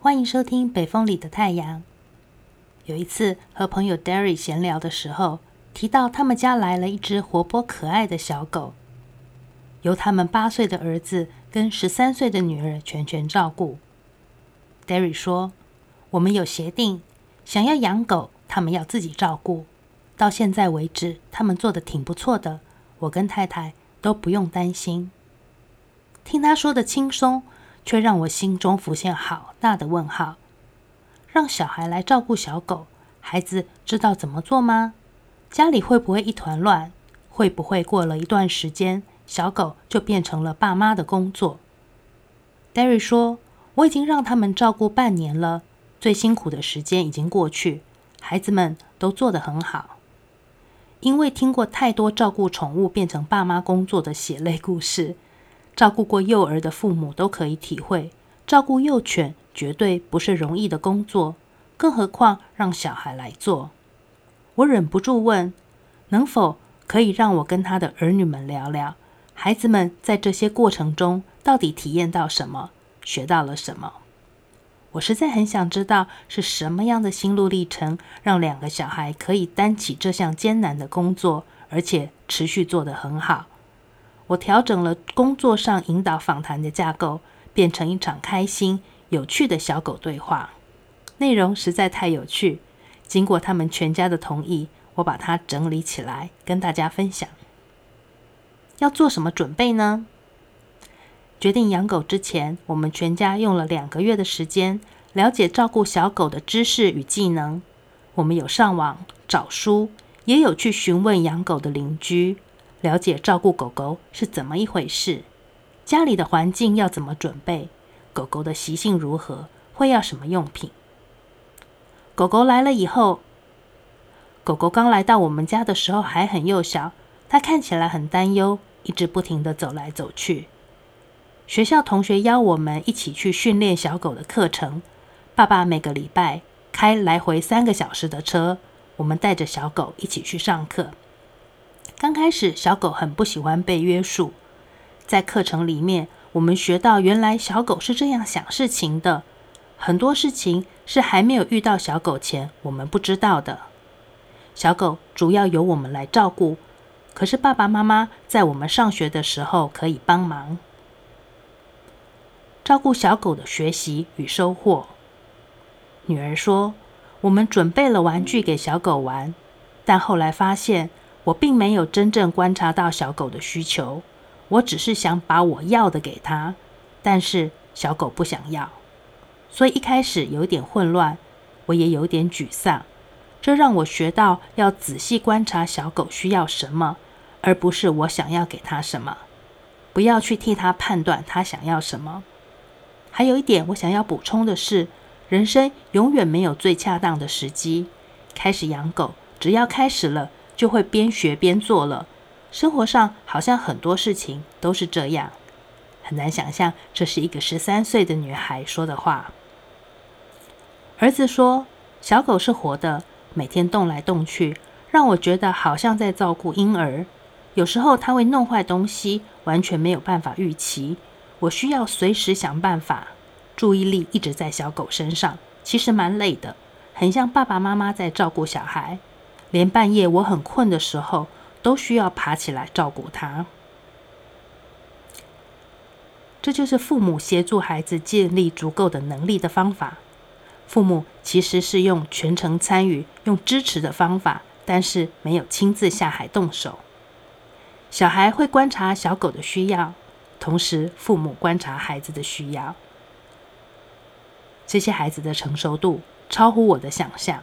歡迎收聽《北風裡的太陽》。有一次和朋友 Derry 閒聊的時候，提到他們家來了一隻活潑可愛的小狗，由他們八歲的兒子跟十三歲的女兒全權照顧。Derry 說：“我們有協定，想要養狗，他們要自己照顧。到現在為止，他們做得挺不錯的，我跟太太都不用擔心。”聽他說得輕鬆。卻讓我心中浮現好大的問號：讓小孩來照顧小狗，孩子知道怎麼做嗎？家裡會不會一團亂？會不會過了一段時間，小狗就變成了爸媽的工作？Derry 說：“我已經讓他們照顧半年了，最辛苦的時間已經過去，孩子們都做得很好。”因為聽過太多照顧寵物變成爸媽工作的血淚故事。照顧過幼兒的父母都可以體會，照顧幼犬絕對不是容易的工作，更何況讓小孩來做。我忍不住問，能否可以讓我跟他的兒女們聊聊，孩子們在這些過程中，到底體驗到什麼，學到了什麼？我實在很想知道是什麼樣的心路歷程，讓兩個小孩可以擔起這項艱難的工作，而且持續做得很好。我調整了工作上引導訪談的架構，變成一場開心、有趣的小狗對話。內容實在太有趣，經過他們全家的同意，我把它整理起來跟大家分享。要做什麼準備呢？決定養狗之前，我們全家用了兩個月的時間，了解照顧小狗的知識與技能。我們有上網找書，也有去詢問養狗的鄰居。了解照顧狗狗是怎麼一回事，家裡的環境要怎麼準備，狗狗的習性如何，會要什麼用品。狗狗來了以後，狗狗剛來到我們家的時候還很幼小，它看起來很擔憂，一直不停地走來走去。學校同學邀我們一起去訓練小狗的課程，爸爸每個禮拜開來回三個小時的車，我們帶着小狗一起去上課。剛開始，小狗很不喜歡被約束。在課程裡面，我們學到原來小狗是這樣想事情的。很多事情是還沒有遇到小狗前，我們不知道的。小狗主要由我們來照顧，可是爸爸媽媽在我們上學的時候可以幫忙。照顧小狗的學習與收穫。女兒說：“我們準備了玩具給小狗玩，但後來發現。”我並沒有真正觀察到小狗的需求，我只是想把我要的給他，但是小狗不想要，所以一開始有點混亂，我也有點沮喪。這讓我學到要仔細觀察小狗需要什麼，而不是我想要給他什麼，不要去替他判斷他想要什麼。還有一點我想要補充的是，人生永遠沒有最恰當的時機開始養狗，只要開始了。就會邊學邊做了，生活上好像很多事情都是這樣，很難想象這是一個十三歲的女孩說的話。兒子說，小狗是活的，每天動來動去，讓我覺得好像在照顧嬰兒。有時候他會弄壞東西，完全沒有辦法預期，我需要隨時想辦法。注意力一直在小狗身上，其實蠻累的，很像爸爸媽媽在照顧小孩。連半夜我很困的時候，都需要爬起來照顧他。這就是父母協助孩子建立足夠的能力的方法。父母其實是用全程參與、用支持的方法，但是沒有親自下海動手。小孩會觀察小狗的需要，同時父母觀察孩子的需要。這些孩子的成熟度超乎我的想象。